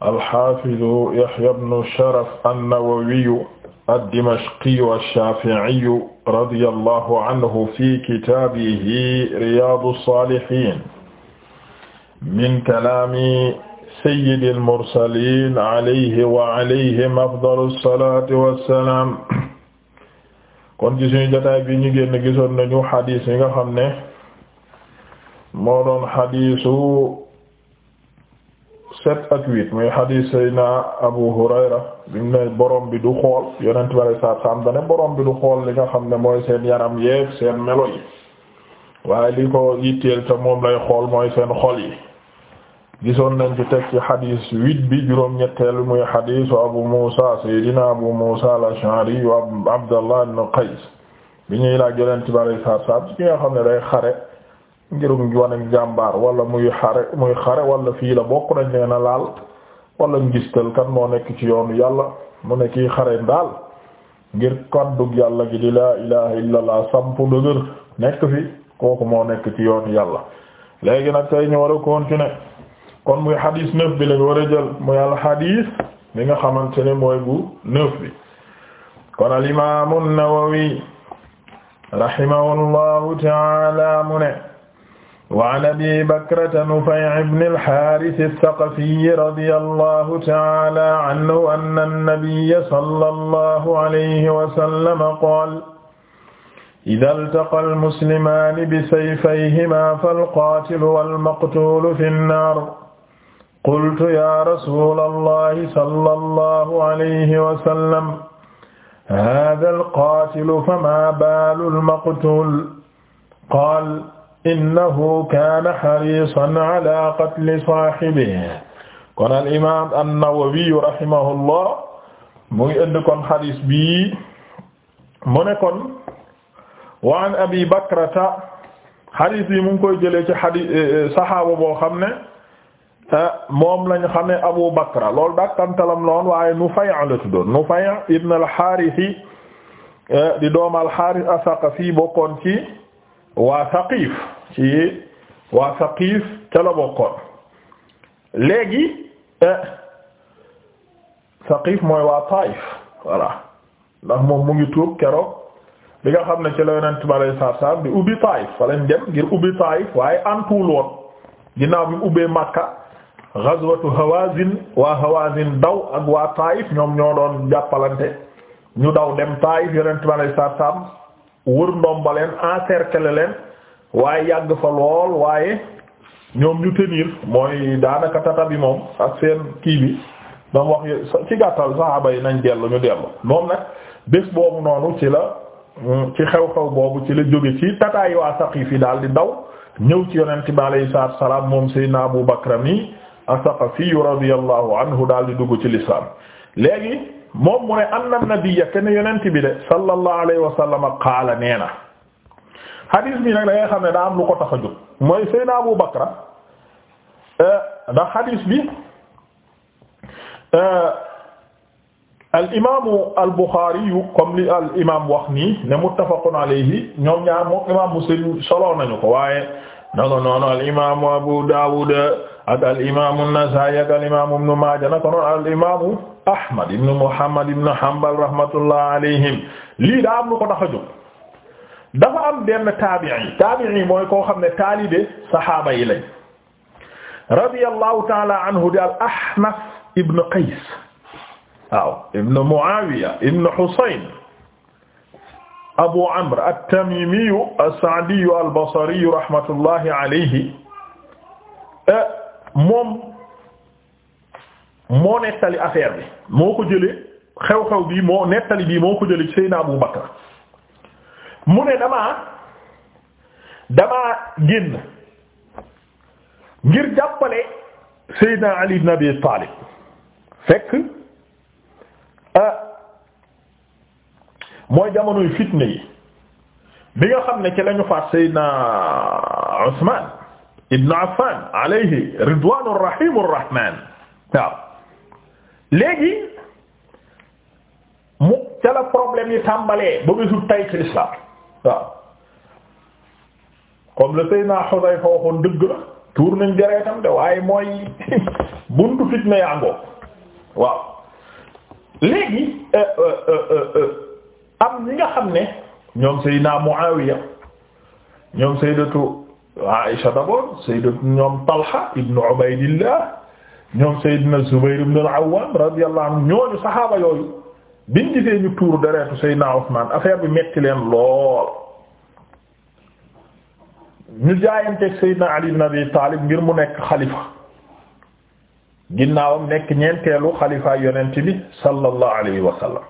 alxafidu yahya bnu sharaf annawawiyu addimashqiyu alshafiiyu radi allahu anhu fi kitaabihi riyadu salihin min kalaami sayyidi almursalin alayhi wa alayhim afdalu alsalati wassalaam kon ci suñu jotaay bi ñu génn gisoon nañu xadis yi nga xam ne moo doon xadisu set ak huit muy hadis sayna Abu Hurayra bimu ne borom bi du xool yonent bi alei saatu salaam dane borom bi du xool li nga xam ne mooy seen yaram yeeg seen melo yi waaye li ko yitteel te moom lay xool mooy seen xol yi gisoon nañ ci teg ci hadis huit bi juróom-ñetteel muy hadisu Abu Musa saydina Abu Musa al-Ash'ari wa Abdallah ibn Qays bi ñuy laaj yonent bi alei saatu salaam ci nga xam ne day xare ngir ngi wane jàmbaar wala muy xare muy xare wala fii la bokk nañ nee na laal wala ngistal kan moo nekk ci yoonu yàlla mu ne kii xare daal ngir kàddug yàlla gi di la ilaha illallah sampu dëgër nekk fi kooku moo nekk ci yoonu yàlla léegi nag tey ñu war a continuer kon muy xadiis neuf bi lañ war a jël muy al xadiis li nga xamante ne mooy bu neuf bi kon al imaamu Nawawi rahimahullahu taala mu ne waan abi bakrata nufay ibn alxaaris alsaqafiyi radi allahu taala anhu ann annabiya sala allahu alayhi wasallama qaal ida altaqa almuslimaani bisayfayhima falqaatilu walmaqtuulu fi nnaar qultu ya rasula allahi sala allahu alayhi wasallam hada alqaatilu fama baalu almaqtuul qaal innahu kaana hariisan ala qatli saahibihi kon al imaam an-Nawawi rahimahullah mu ngi indi kon hadis bi mu ne kon wa an Abi Bakrata hadis bi mu ngi koy jëlee ci hadis eh, eh, saxaaba boo xam ne eh, moom lañ xamee Abu Bakra loolu dakkantalam loon waaye Nufay' la tuddoon Nufay' ibn al-Haaris di doomu al-Haaris as-Saqafi bokkoon ci. waa Saqiif ci waa Saqiif ca la bokkoon léegi eh, mooy waa Taayif voilà ndax moom mu ngi tuub keroog bi nga xam ne ci la Yonent bi alayhi salaatu ubbi Taayif fa lañ dem ngir ubbi Taayif waaye antuwul woon ginnaaw bi ubbee Makka ghazwatu Hawaazin waa Hawaazin daw ak waa Taayif ñoom ñoo doon jàppalante ñu daw dem Taayif Yonent bi alayhi salaatu salaam wër ndomba leen encercler leen waaye yàgg fa lool waaye ñoom ñu tenir mooy daanaka tata bi moom ak seen kii bi dama wax ci gàttal saxaaba yi nañ dellu ñu dellu moom nag bés boobu noonu ci la mm, ci xew-xew boobu ci la jóge ci tataay waa Saqif yi daal di daw ñëw ci yonent bi alayhi salaatu salaam moom Seydina Abu Bakr mi as-Saqafi radiyallahu anhu daal di dugg ci lislaam léegi moom mu ne anna nabiyya kenn yonent bi de sallallahu alayhi wa sallam qaala nee na hadis bi nag da xam ne daa am lu ko tax a jóg mooy Seydina Abu Bakra eh, ndax hadis bi eh, al imaamu al Buxaari comme li al imaam wax nii ne muttafaqun alayhi ñoom ñaar moom solo nañu ko waaye naka noonu al imaamu Abu Daawud ak al imaamu Nasaa'i ak Ahmad ibn Muhammad ibn Hanbal rahmatullah alayhim lii daa am lu ko tax a jóg dafa am benn taabi'i taabi'i mooy koo xam ne taalibe saxaaba yi lañ radiyallahu ta'ala anhu di al Ahnaf ibn Qays waaw ibn Muawiya ibn Husayn Abu Amr at-Tamimi as-Sa'di al-Basri rahmatullahi alayhi eh, moom moo nettali affaire bi moo ko jëlee xew-xew bii moo nettali bii moo ko jëlee ci Seydina Abu Bakar mu ne damaa damaa génn ngir jàppale Seydina Ali ibn Abi Talib fekk ah mooy jamonoy fitna yi bi nga xam ne ci lañu faat Seydina Usman ibn Affan alayhi ridwaanur rahiimur rahmaan waaw léegi mu ca la problème yi tàmbalee ba bésu tay ci l'islam waaw comme le Seydina Xudayfa waxoon dëgg la tuur nañ deretam de waaye mooy buntu fitna yaangoo waaw léegi euh, euh, euh, am ñi nga xam ne ñoom Seydina Muawiya ñoom Sayyidatu Aisha d'abord Sayyidatu ñoom Talha ibnu Ubaydillah ñoom Seydina Zubayr ibn al-Awwam ñooñu saxaaba yooyu biñ gisee ñu tuur deretu Seydina Usmaan affaire bi metti leen lool ñu jaayanteeg Seydina Ali ibn Abi Taalib ngir mu nekk xalifa ginnaawam nekk ñeenteelu xalifa yonent bi sallallahu alayhi wa sallam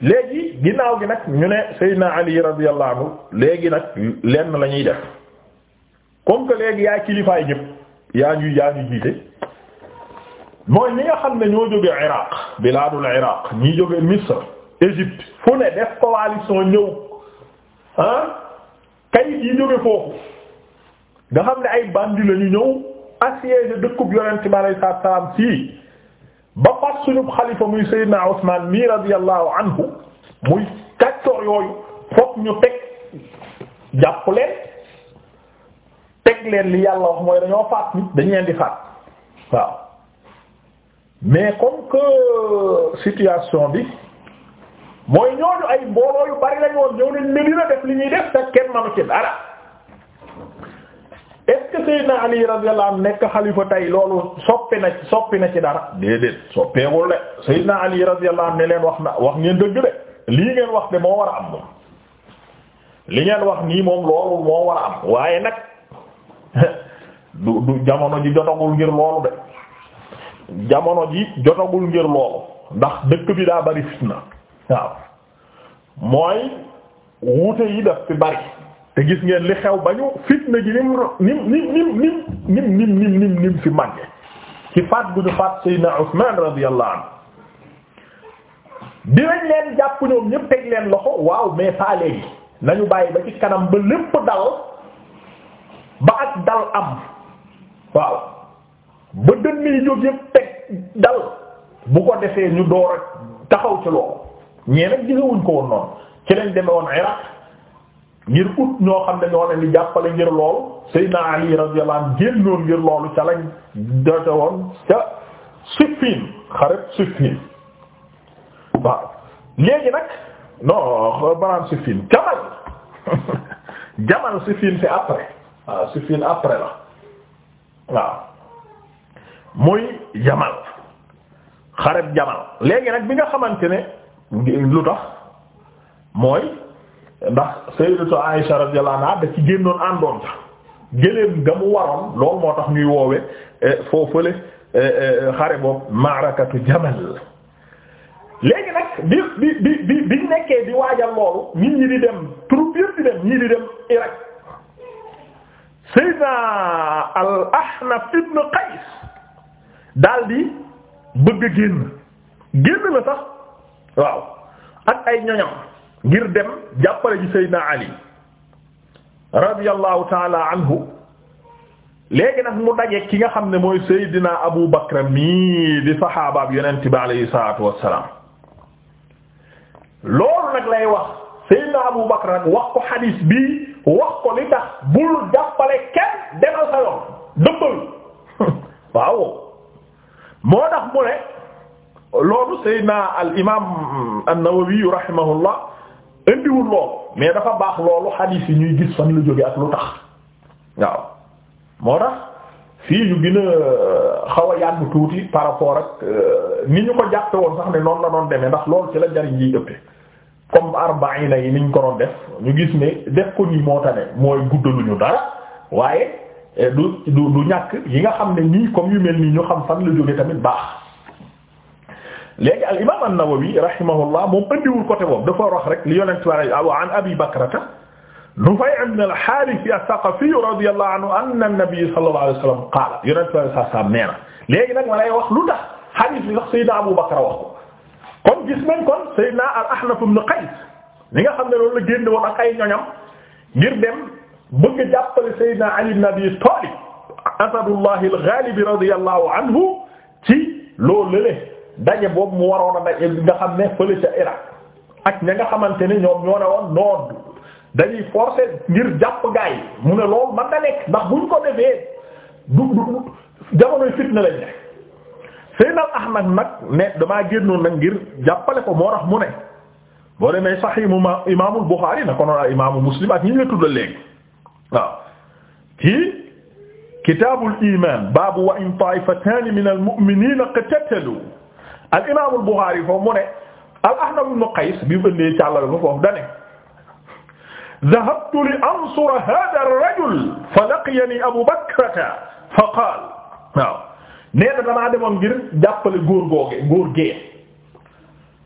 léegi ginnaaw gi nag ñu ne Seydina Ali radiyallahu anhu léegi nag lenn la def. comme que léegi yaay kilifaay ñëpp yaa ñu yaa ñu jiite mooy ñi nga xam ne ñoo jóge iraq bilaadul iraq ñi jóge misr égypte fu ne def coalition ñëw ah kayit yi jóge foofu nga xam ne ay bandi lañu ñëw assiéger dëkkub yonent bi alayhi salaatu ba pas suñu xalifa muy Seydina Usmaan mi radiyallahu anhu muy kàccoor yooyu fokk ñu teg jàpp teg leen li yàlla wax mooy dañoo faat nit dañu leen di faat waaw mais comme que situation bi mooy ñooñu ay mbooloo yu bari lañu woon ñëw nañ ne dina def li ñuy def te kenn manu ci dara est-ce que Seydina Ali radiyallahu anhu nekk xalifa tey loolu soppi na soppi na ci dara déedéet soppeewul de Seydina Ali radiyallahu anhu ne leen wax na wax ngeen dëgg de lii ngeen wax de moo war a am moom li ngeen wax nii moom loolu moo war a am waaye nag. du du jamono ji jotagul ngir loolu de jamono ji jotagul ngir loolu ndax dëkk bi daa bari fitna waaw mooy wuute yi daf fi bari te gis ngeen li xew bañu fitna ji nim nim nim nim nim nim nim nim fi màgge ci faat bu ñu faat Seydina Usman radiyallahu anhu dinañ leen jàpp ñoom ñëpp teg leen loxo waaw mais pas léegi nañu bàyyi ba ci kanam ba lépp dal ba ak dal am waaw ba dënn yi jóg yëpp dal bu ko defee ñu door a taxaw ci loolu ñee nag ko woon noonu ci lañ deme woon Iraq ngir ut ñoo xam ne ñoo leen di jàppale ngir loolu Seydina Ali radiyallahu anhu génnoon ngir loolu ca lañ dote woon ca Siffin xaret Siffin waaw léegi nag non banaan Siffin jamal jamal Siffin c'est après waaw ah, Siffin après la waaw muy Jamal xareb Jamal léegi nag bi nga xamante ne lu tax mooy ndax sayyidatu Aisha radiyallahu anha da ci génnoon àndoon sax géléem nga mu waroon loolu moo tax ñuy woowe eh, foofale eh, eh, xare boobu maarakatu Jamal léegi nag bi bi bi bi nekkee di waajal loolu nit ñi di dem troupe yëpp di dem ñii di dem Irak Seydina al Ahnaf ibn Qays daldi bëgg génn génn la sax waaw ak ay ñoñam ngir dem jàppale ji Seydina Ali radiyallahu taala anhu léegi nag mu daje ki nga xam ne mooy Seydina Abu Bakr mii di saxaabaab yonent bi alayhi salaatu wassalaam loolu nag Abu Bakr nag wax ko bi wax ko li tax bul jàppale kenn demal sa yoon dëppal waaw moo tax mu ne loolu Seydina al imaam an-Nawawi rahimahullah mais dafa baax loolu xadiis yi ñuy gis fan la jóge ak lu tax waaw moo tax fii ñu gën a euh, xaw a yàgg tuuti par rapport ak euh, ni ñu ko jàppe woon sax ne noonu la doon demee ndax lool ci la jariñ yiy ëppee comme arbaina yi niñ def ñu gis ne def ko nii moo tax ne dara waaye eh, du du ñàkk yi nga xam ne nii comme yu mel nii ñu xam fan la jóge tamit baax léegi al imam an-Nawawi rahimahullah moom andiwul côté boobu dafa wax rek li yonent war an Abi Bakrata Nufay' ibn al saqafi radiyallahu an-nabiy sallallahu alayhi wa wax lu tax hadith bi sax Sayyidina Abu Bakra wax kon gis nañ kon Seydina al-Ahnaf ibn Qays li nga xam ne loolu la génn woon ak ay ñoñam ngir dem bëgg a jàppale Seydina Ali ibn Abi Talib asadullah al-ghalib radiyallahu anhu ci loolu lële daje boobu mu waroon a daje li nga xam ne fële ca Irak ak ña nga xamante ne ñoom ñoo ne woon noon dañuy forcer ngir jàpp gaay mu ne loolu man da nekk ndax buñ ko defee du du jamonoy fitna lañ ne Seynal Ahmad nag ne damaa génnoon nag ngir jàppale ko moo tax mu ne boo demee Sahih imaamul Bukhari na ko noonu imaamu Muslim ak ñi ñu la tuddal léegi waaw ci kitaabul iimaan baabu wa in taa'ifataani minal mu'miniina iqtataluu al imaamul Bukhari foofu mu ne al Ahnaf ibn Qays bi mu ëndee càllale ba foofu dane dhahabtu li ansura haadha ar-rajul fa laqiyanii Abu Bakrata fa qaala waaw nee na damaa demoon ngir jàppale góor googee góor gee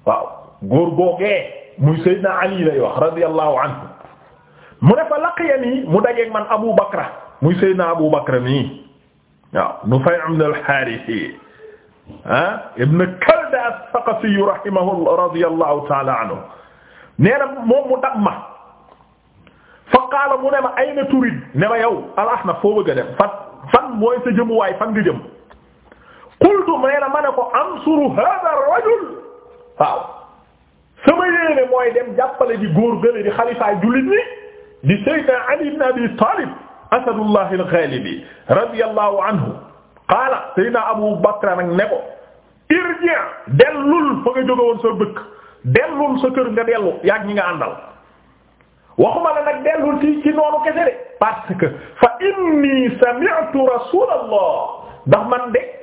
waaw góor googee muy Seydina Ali lay wax radiyallahu anhu mu ne fa laqiyani mu dajeeg man Abu Bakra muy Seydina Abu Bakra nii waaw Nufay' ibn al-Harith ah ibn Kalda as-Saqafi rahimahullah radiyallahu ta'ala anhu nee na moom mu dab ma fa qaala mu ne ma ayna turid ne ma yow al-ahnaf foo bëgg a dem fan fan mooy sa jëmuwaay fan nga jëm. qultu nee na ma ne ko ansuru hada rajul waaw sama yéene mooy dem jàppale di góor gële di xalifaay jullit ñi di sayyidina Ali ibn Abi Talib asadullah al-ghalibi radiyallahu anhu qaala sayyidina Abu Bakr nag ne ko irji dellul fa nga jóge woon sa dëkk dellul sa kër nga dellu yaag ñi nga àndal waxuma la nag dellul ci ci noonu kese de parce que fa inni sami'tu rasulullah ndax man de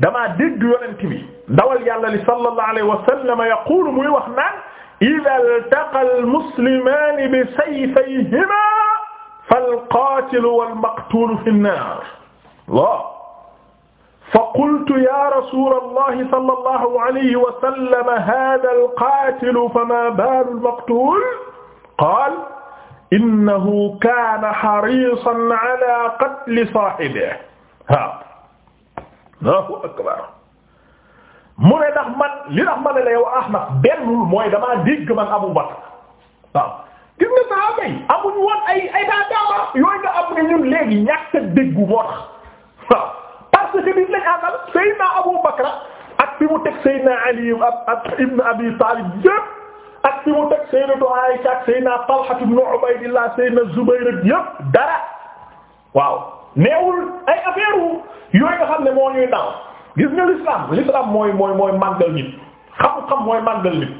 damaa dégg yonent bi ndawal yàlla li sallallahu alayhi wa sallam yaqulu muy wax naan idha iltaqa almuslimaani bi sayfayhima falqaatilu walmaqtuulu fi nnaar fa qultu ya rasula allahi sallallahu alayhi wa sallam hada alqaatilu fama baalu almaqtuul qaala innahu kaana hariisan ala qatli saahibihi Allahu akbar mu ne ndax li ndax ma ne la yow Ahmad bennul mooy damaa dégg man Abu Bakr waaw gis nga saxaaba yi ay ay daa daama yooyu nga am ne ñun léegi ñàkk a déggu moo tax waaw parce que nit lañ Abu Bakr ak fi mu teg Seydina Ali ak Ibn Abi Talib yëpp ak fi mu teg Sayyidatu Aisha ak Seydina Talha ibn Ubaydillah Seydina Zubayr yëpp dara waaw neewul ay affaire yooyu nga xam ne moo ñuy dal gis nga l'islam l'islam mooy mooy mooy màggal nit xam-xam mooy màggal nit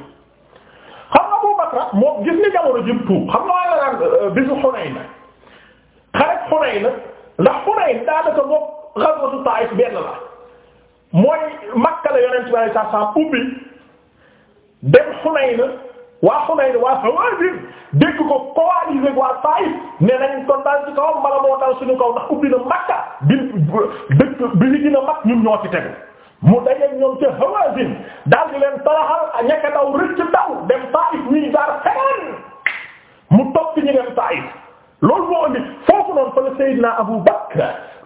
xam nga Abu Bakra moom gis nga jamono jëm tuub xam nga waaye la naan euh, bisu Hunayn xaret Hunayn ndax Hunayn daanaka moom ghazwatu Taif benn la mooy Makka la Yonent bi sallallahu alayhi wasallam ubbi dem Hunayn waa Xunayn waa Hawaazin dégg ko coalisé waa Taif ne nañ kon daal ci kawam bala moo dal suñu kaw ndax ubbi na Makka bi dëkk bi li dina mag ñun ñoo ci tegu mu dajeeg ñoom ca Hawaazin daal di leen toroxal ñekk daw rëcc daw dem Taif ñuy jaar feneen mu topp ñu dem Taif loolu moo indi foofu noonu fa la Seydina Abu Bakr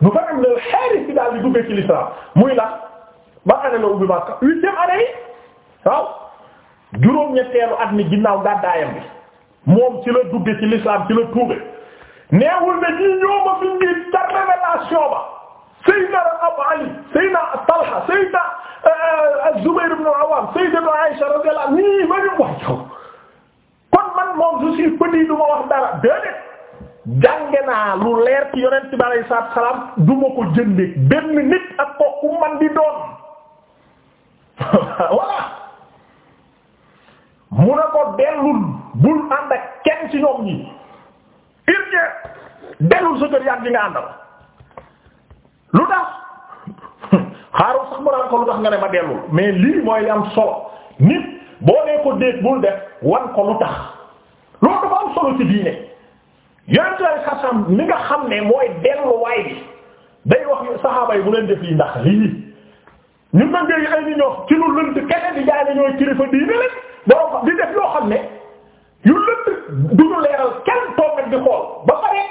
bu fa am al-Harith daal di duggee ci muy la ba année la ubbi Makka huitième année yi waaw. juróom-ñetteelu at mi ginnaaw gàddaayam bi moom ci la dugge ci l'islam ci la tuube neewul ne ñi ñooma fi ngi ca ba Sayyidina Abu Ali Sayyidina Talha Sayyidina euh, Zubayr ibn Awwam Sayyidina Aisha radiyallahu anha ñii ma ñu wax kon man moom je suis petit du ma wax dara déedéet jànge naa lu leer ci yonent bi alayhi salaatu salaam du ko jëndee benn nit ak kooku man di doon voilà mu ne ko dellul bul ànd ak kenn ci ñoom ñi irje dellul sa kër yàgg di nga àndal lu tax xaaru sax mu ne ko lu tax nga ne ma dellul mais lii mooy am solo nit boo nee ko déet bul def wan ko lu tax loolu dafa am solo ci diine yonent nga xam ne mooy delluwaay bi day wax saxaaba yi bu leen def yi ndax lii ñu mën ngay ay ni ñoo ci lu lënt kese di jaay ne kilifa diine lañ borom di def yoo xam ne yu lënd duñu leeral kenn toog nag di xool ba pare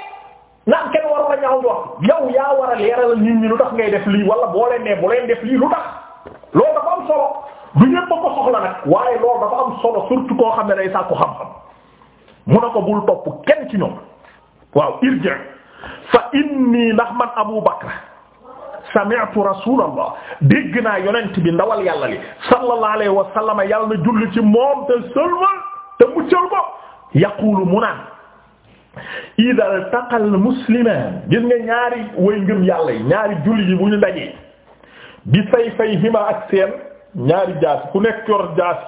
naan kenn waru la ñaaw wax yow yaa war a leeral nit ñi lu tax ngay def lii wala boo leen nee bu leen def lii lu tax loolu dafa am solo du ñëpp ko soxla nag waaye loolu dafa am solo surtout koo xam ne day sàkku xam-xam mu na ko bul topp kenn ci ñoom waaw irji fa inni ndax man Abu Bakr sami'tu rasulallah dégg naa yonent bi ndawal yàlla li sallallahu alayhi wa sallam yàlla na julli ci moom te seulement te muccal ko yaqulu mu naan ida altaqa al muslimaan gis nga ñaari way ngëm yàlla ñaari julli bu ñu bi fay fay hima ak seen ñaari jaasi ku nekk yor jaasi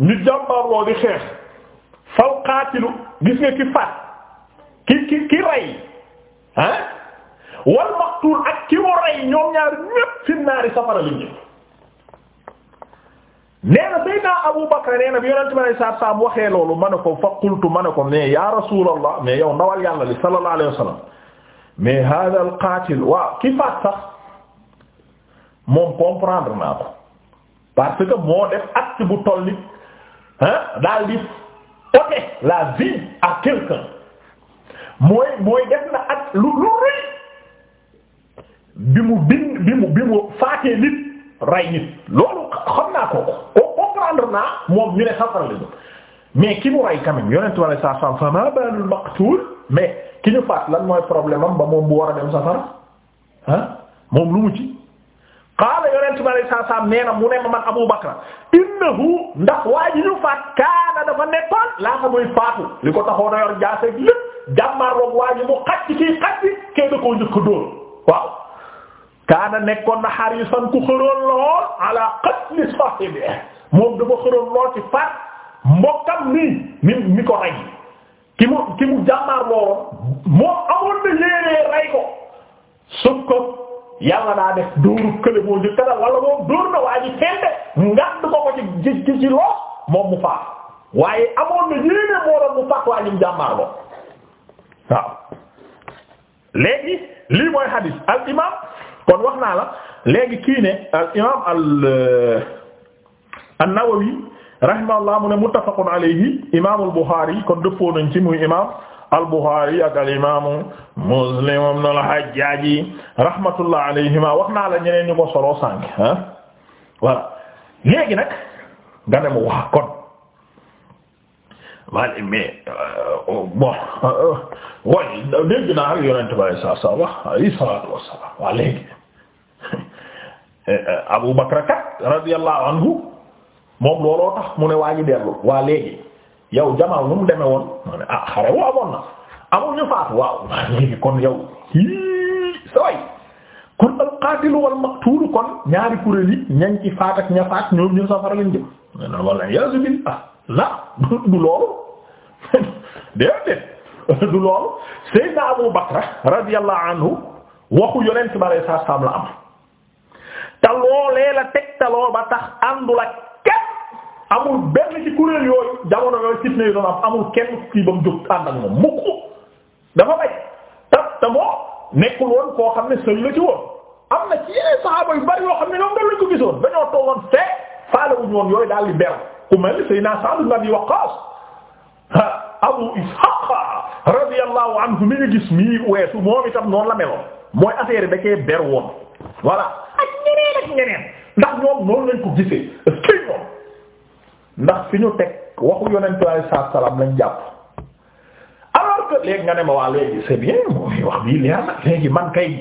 ñu jàmbaarloo di xeex fal qaatilu gis nga ki faat ki rey ah? wal maqtul ak ki mu ñoom ñaar ñépp fi naari safara liñ ñi nee na Abu Bakr nee na bi yonente bi alei satu waxee loolu ma ne ko fa qultu ma ne ko mais ya rasulallah mais yow ndawal yàlla li sallallahu alayhi wa sallam mais hada ki faat sax moom comprendre naa ko parce moo def acte bu toll ni daal di ôter la vie à quelqu'un lu lu bi mu bind bi mu bi mu faatee nit rey nit loolu xam naa kooku ko comprendre naa moom ñu ne safara la mais ki mu rey quand même yonent wala saa sam fa mais ki ñu faat lan mooy problème am ba moom bu war a dem safara ah moom lu mu ci qaala yonent bi alayhi salaatu nee na mu ne ma man Abu Bakra ndax waa ji ñu faat kaana dafa nekkoon laata muy faatu li ko taxoon a yor jaase lépp jàmmaar boog waa ji mu xaj kii xaj ci kee kaana nekkoon na harisan ku xëroon lool ala qatli saahibi moom dafa xëroon lool ci faat mbokkam mi mi mi ko rey ki mu ki mu jàmmaar lool moom amoon na yéenee rey ko suuf ko yàlla daa def dóoru kële moo njëkk a wala moom na waa ji fente ngand ko ko ci ci ci mu faat waaye amoon na yéenee moo mu faat waa mu jàmmaar lool waaw lii mooy hadis al imam kon wax naa la léegi kii ne al imaam al euh, an-Nawawi rahimahullah mu ne muttafaqun alayhi imaamul Buxaari kon dëppoo nañ ci muy imaam al Buxaari ak al imaamu Muslim ibn al Hajjaaj rahmatullah alayhima wax naa la ñeneen ñu ko solo sànq ah nga ne mu wax kon. maa ngi mais euh, oh, bon mooy euh, dégg naa yonent bi saa saa wax alayhi salaatu waa léegi eh, euh, Abu Bakr kat radiyallahu anhu moom looloo tax mu ne waa ngi waa léegi yow Jamal nu mu demee woon ah xare woo amoon na ñu faatu waaw léegi kon yow saway kon al qatil wal maqtul kon ñaari kuréel ñañ ci faat ña faat ñoom ñu safara lañ jëm. nee naa wala yàlla la du loolu déedéet du loolu Seydina Abu Bakra radiyallahu anhu waxu yonent ba lay saa saam la am te loolee la tegtaloo ba tax àndul ak kenn yooyu am amul kenn kii ba mu jóg ànd ak moom mukk dafa bañ te te nekkul woon koo xam ne sëy la ci woon am na ci yeneen saxaaba yu bari yoo xam ne ñoom dañ ko gisoon dañoo toogoon fee faale wuñu woon yooyu daal di beru ku mel ni Seydina Sa'd Abu Ishaq radiyallahu anhu mi nga gis mi weesu moom itam noonu la meloon mooy affaire yi da cee ber woon voilà ak ñeneen ak ñeneen ndax ñoom noonu lañ ko gisee kii moom ndax fi ñu teg waxu yonent bi alayhi salaatu salaam lañ jàpp alors que léegi nga ne ma waa léegi c'est bien mooy wax bii leer na léegi man kay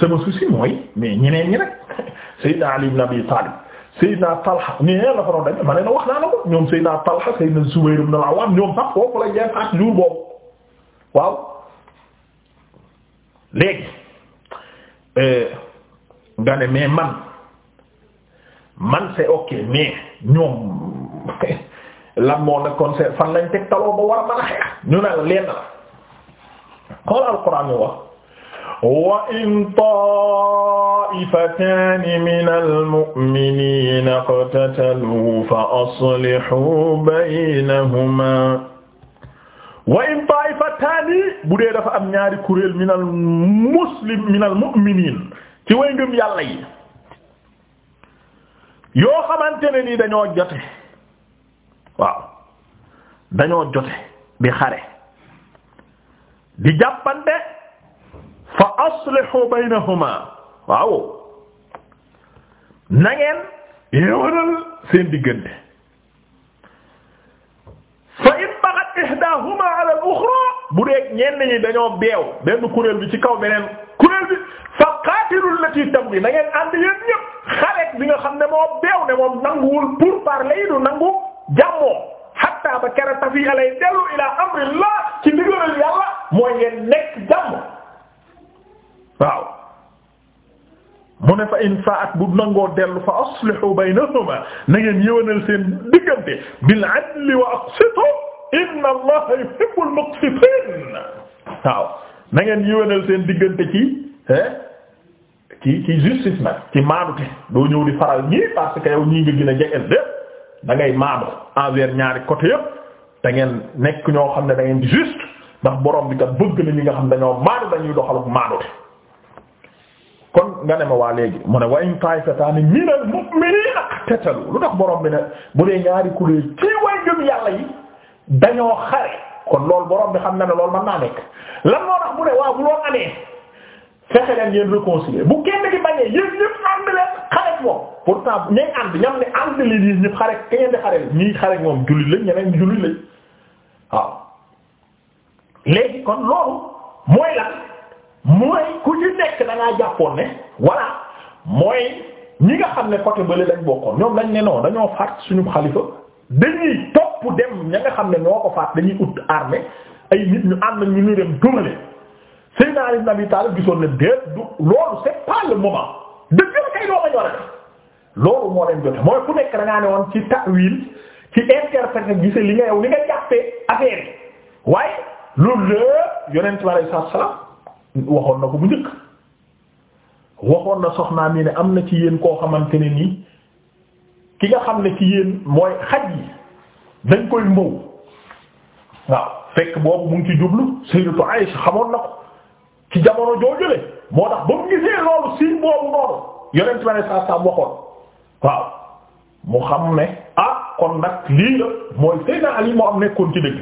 sama souci mooy mais ñeneen ñi nag Seydina Ali ibn Abi Talib Seydina Talha nii la fa doon dañ ma ne wax naa la ko ñoom Seydina Talha Seydina Zubayr ibn al-Awwam ñoom sax foofu la jeex ak jour boobu waaw léegi euh, nga ne mais man man se ok mais ñoom lan moo nekkoon c'est fan lañ teg taloo ba a mën a xeex ñu ne la leen la xool alxuraan ñu wax wa in ta taa'ifataani minal mu'miniina iqtataluu fa aslihuu baynahumaa wa in taa'ifataani bu dee dafa am ñaari kuréel minal muslim minal mu'miniin ci way ngëm yàlla yi yoo xamante ne nii dañoo jote waaw dañoo jote di xare di jàppante fa aslihu baynahuma waaw na ngeen yéwénal seen diggante fa in baghat ihdahuma ala al-ukhra bu dee ñenn ñi dañoo beew benn kuréel bi ci kaw beneen kuréel bi fa qatilul lati tabghi na ngeen ànd yéen ñëpp xareet bi nga xam ne moo beew ne moom nanguwul pour parler yi du nangu jàmmoo hatta ba kera tafi alay dellu ila amrillah ci ndigalal yàlla mooy ngeen nekk jàmm waaw mu ne fa in faat bu nangoo dellu fa aslihu baynahuma na nangeen yëwanal seen diggante bil adli wa aqsitu inna allaha yuhibbul muqsitin waaw na ngeen yëwanal seen diggante ci eh, ci ci justice nag ci maanute doo ñëw di faral ñii parce que yow ñii nga gën a de da ngay maanu envers ñaari côté yëpp da ngeen nekk ñoo xam ne da ngeen di ndax borom bi kat bëgg na ñi nga xam dañoo maanu dañuy doxal ak maanute nga ne ma waa léegi mu ne wa in taifataani minal mu'miniina lu tax borom bi ne bu dee ñaari kuréel ci way gëm yàlla yi dañoo xare kon loolu borom bi xam na ne loolu mën naa nekk lan moo tax mu ne waaw bu loolu amee fexe leen yéen réconcilier bu kenn di bañee yéen ñëpp ànd leen xareet moom pourtant ñay ànd ñam ne ànd leen yéen ñëpp xare ka di xare moom jullit lañ ñeneen jullit lañ waaw léegi kon loolu mooy lan mooy ku ci nekk da jàppoon ne voilà mooy ñi nga xam ne côté bële dañ bokkoon ñoom dañ ne non dañoo faat suñu xalifa dañuy topp dem ñu nga xam ne ñoo ko faat dañuy ut armée ay nit ñu ànd ñu ñu dem dumale Seydina Ali ibn Abi Talib gisoon ne déet du loolu c'est pas moment dëgg la kay doo ko ñor loolu moo leen jote mooy ku nekk da ngaa ne woon ci ta'wil ci interprétation gisee li nga yow li nga jàppee affaire waaye loolu la yonent bi sallallahu alayhi waxoon na ko bu njëkk waxoon na soxnaam yi ne am na ci yéen koo xamante ne nii ki nga xam ne ci yéen mooy xaj yi dañ koy mbow waaw fekk boobu mu ci jublu sayyidatu Aisha xamoon na ci jamono joojule moo tax ba mu gisee loolu si boobu noonu yonent ma ne saa saa waxoon waaw mu xam ne ah kon nag lii la mooy Seydina Ali moo am nekkoon ci dëgg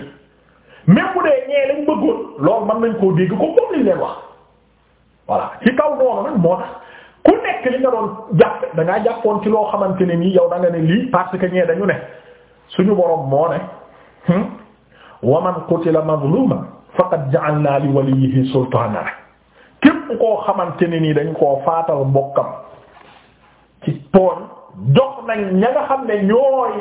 même bu ñee lañ bëggoon loolu mën nañ koo dégg ko moom liñ leen wax voilà ci kaw noonu nag moo tax ku nekk li nga doon jàpp da jàppoon ci loo xamante ne nii yow danga ne lii parce que ñee dañu ne suñu boroom moo ne hmm? wa man qutila mazluman faqad ja'alna li waliyihi sultana képp koo xamante ne nii dañ koo faatal mbokkam ci tooñ jox nañ ña nga xam ne ñooy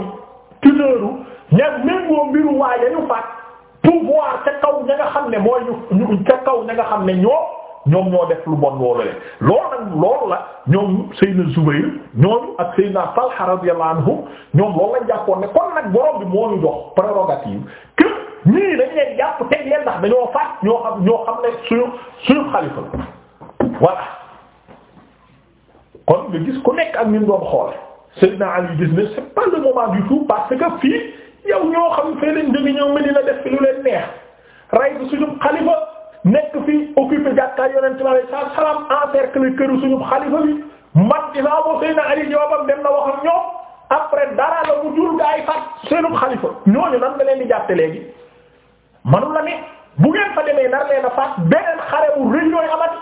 tuteuru ña méngoo mbiru waaye ñu faat pouvoir ca kaw ña nga xam ne mooy ñu ca kaw xam ne ñoo ñoom ñoo def lu bon loolu le loolu nag la ñoom Seydina Zubayr ñoom ak Seydina Talha radiyallahu anhu ne kon nag borom bi moo ñu jox prérogative que ñii dañ leen teg leen ndax dañoo faat ñoo xam ñoo ne suñu suñu xalifa voilà kon nga gis ku nekk ak ñun doon xool Ali gis c'est pas le moment du tout parce que fii yow ñoo xam fee leen jóge ñëw Medina def fi lu leen neex ray bi suñu xalifa nekk fi occupé jàkkaay yonent bi alayhi salaatu salaam encercle këru suñu xalifa bi mat Imaam Seydina Ali ñoobam dem na wax ak ñoom après dara la mu jur gaay fat seenu xalifa ñooñu nan nga leen di jàtte léegi manu la ne bu ngeen fa demee nar leen a fat beneen xare bu rëy yooyu amati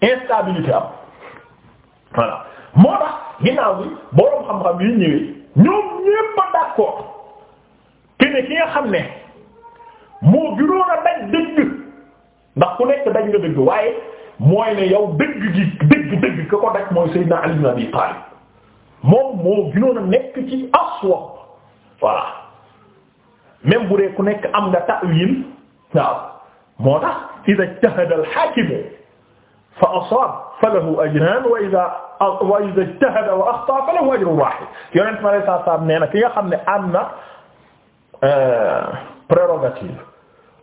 instabilité am voilà moo tax ginnaaw bi boroom xam-xam yi ñëwee ñoom ñépp d'accord kene ki nga xam ne moo gënoon a daj dëgg ndax ku nekk daj nga dëgg waaye mooy ne yow dëgg gi dëgg dëgg ka ko daj mooy Seydina Ali ibn Abi Talib moom moo gënoon a nekk ci aswa voilà même bu dee ku nekk am nga ta'wil waaw moo tax ida ijtahada al-hakimu fa asaab fa lahu ajran wa ida wa ida ijtahada wa axta fa lahu ajrun waahid yonent ma lay sa nee na ki nga xam ne am na Euh, prérogative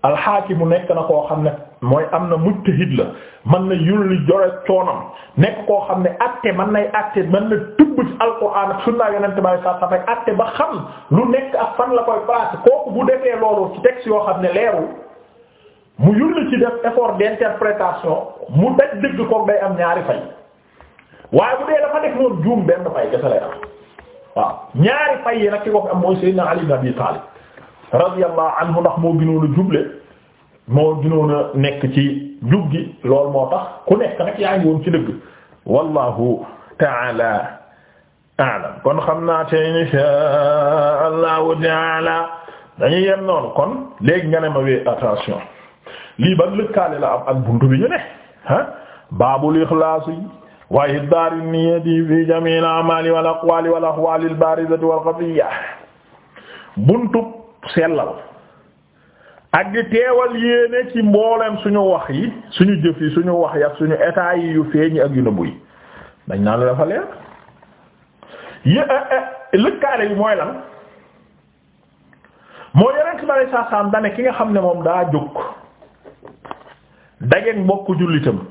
alxaakimu nekk na koo xam ne mooy am na mujtahid la man na yulli jore coonam nekk koo xam ne àtte man nay àtte man na tibb ci alquran ak sunna yonente bi saa safay àtte ba xam lu nekk ak fan la koy placé kooku bu defee loolu ci texte yoo xam ne leerul mu yulli ci def effort d'interprétation mu daj dëgg ko day am ñaari fay waaye bu dee dafa def noonu juum benn fay kese lay am waaw ñaari fay yi nag ki ko fi am mooy Seydina Ali ibn radiyallahu anhu ndax moo gënoon a juble moo gënoon a nekk ci jub gi loolu moo tax ku nekk nag yaa ngi woon ci dëgg wallahu taala a'lam kon xam naa te insha allahu taala dañuy yem noonu kon léegi nga ne ma wee attention lii ban lëkkaale la am ak buntu bi ñu ne ah baabul ixlaas wa ihdaari niyyati fi jami'il a'maali wal aqwaali wal ahwaali al baarizati wal xafiyya buntu sellal ak di teewal yéene ci mbooleem suñu wax yi suñu jëf yi suñu wax yi ak suñu état yi yu feeñ ak yu nëbbu yi dañ naan la dafa leer yé eh, eh, lëkkaale bi mooy lan moo yeneen ci bari saa saam dane ki nga xam ne moom daa jóg dajeek mbokk jullitam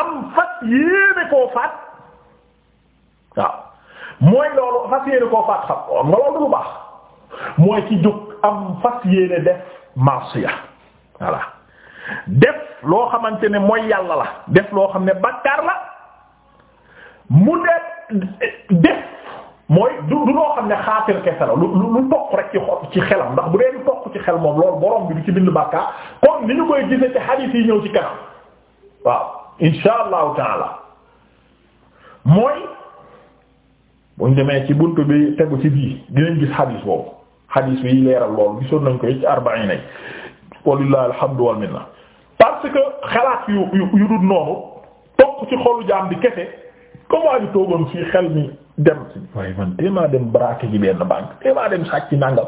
am fas yéene koo faat waaw mooy loolu fas yéene koo faat xam nga loolu du baax mooy ci jóg am fas yéene def marsiya voilà def loo xamante ne mooy yàlla la def loo xam ne bàkkaar la mu def mooy du du loo xam ne xaatir kese la lu lu toq rek ci xol ci xelam ndax bu dee toq ci xel moom loolu borom bi ci bind bàkkaar kon ni ñu koy gise ci hadith yi ñëw ci kanam waaw insha allahu taala mooy buñ demee ci bunt bi tegu ci bii dinañ gis hadith boobu xadiis bi leeral lool gisoon nañ ko ci arba'iin yi walillahi alhamdu wal minna parce que xalaat yu yu dul noonu topp ci xolu jaam bi kese comme waa ji toogoon fii xel mi dem ci waaye man téemaa dem braqué ji benn banque téemaa dem sàcc nàngam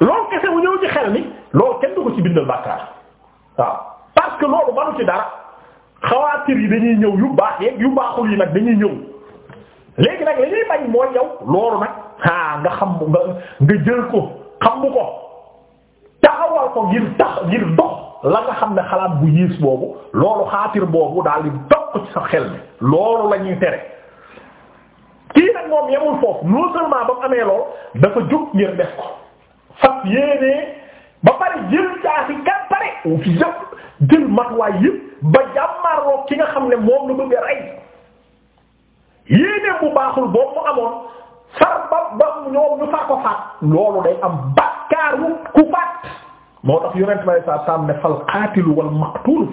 loolu kese bu ñëw ci xel mi loolu kenn ko ci bindal bàkkaar waaw parce que loolu manu ci dara xawaatir yi dañuy ñëw yu baax yeeg yu baaxul yi nag dañuy ñëw léegi nag la ñuy mooy yow loolu nag ah nga xam nga nga jël ko. xam bu ko taxawal ko ngir tax ngir dox la nga xam ne xalaat bu yiis boobu loolu xaatir boobu daal di dox sa xel mi loolu la ñuy tere kii nag moom yemul foofu non seulement ba mu amee lool dafa jóg ngir def ko fas yéenee ba pare jël saa si kat jël jël yëpp ba jàmmarloo ki nga xam ne moom la bëgg a rey bu baaxul boobu mu amoon far ba ba ñoom ñu far ko faat loolu day am bakkaaru ku faat moo tax yonent bay saa saam ne fal qaatilu wal maqtuulu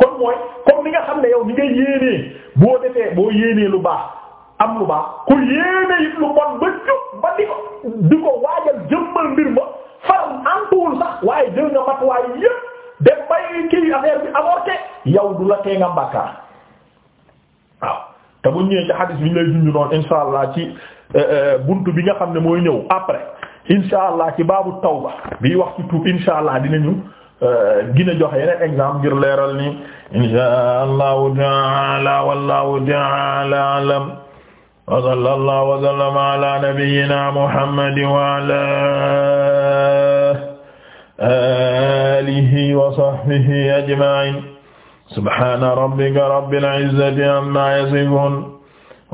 kon mooy comme ni nga xam ne yow ni nga yéenee boo defee boo yéenee lu baax am lu baax ku yéene it lu bon ba jóg ba di ko di ko waajal jëmmal mbir ma faram antuwul sax waaye jël nga matuwaay yëpp dem bay kii affaire bi avorté yow du la tee nga mbàkkaar waaw te bu ñëwee ci hadis bi ñu lay noonu insha allah ci buntu bi nga xam ne mooy ñëw après insha allah ci baabu tawba bi wax ci tuub insha allah dinañu euh, gën a joxe yeneen exemple ngir leeral ni insha allahu taala wallahu taala alam wa sallallahu wa sallama ala nabiyyina muhammadin wa ala alihi wa sahbihi ajma'in subhana rabbika rabbil izzati amma yasifun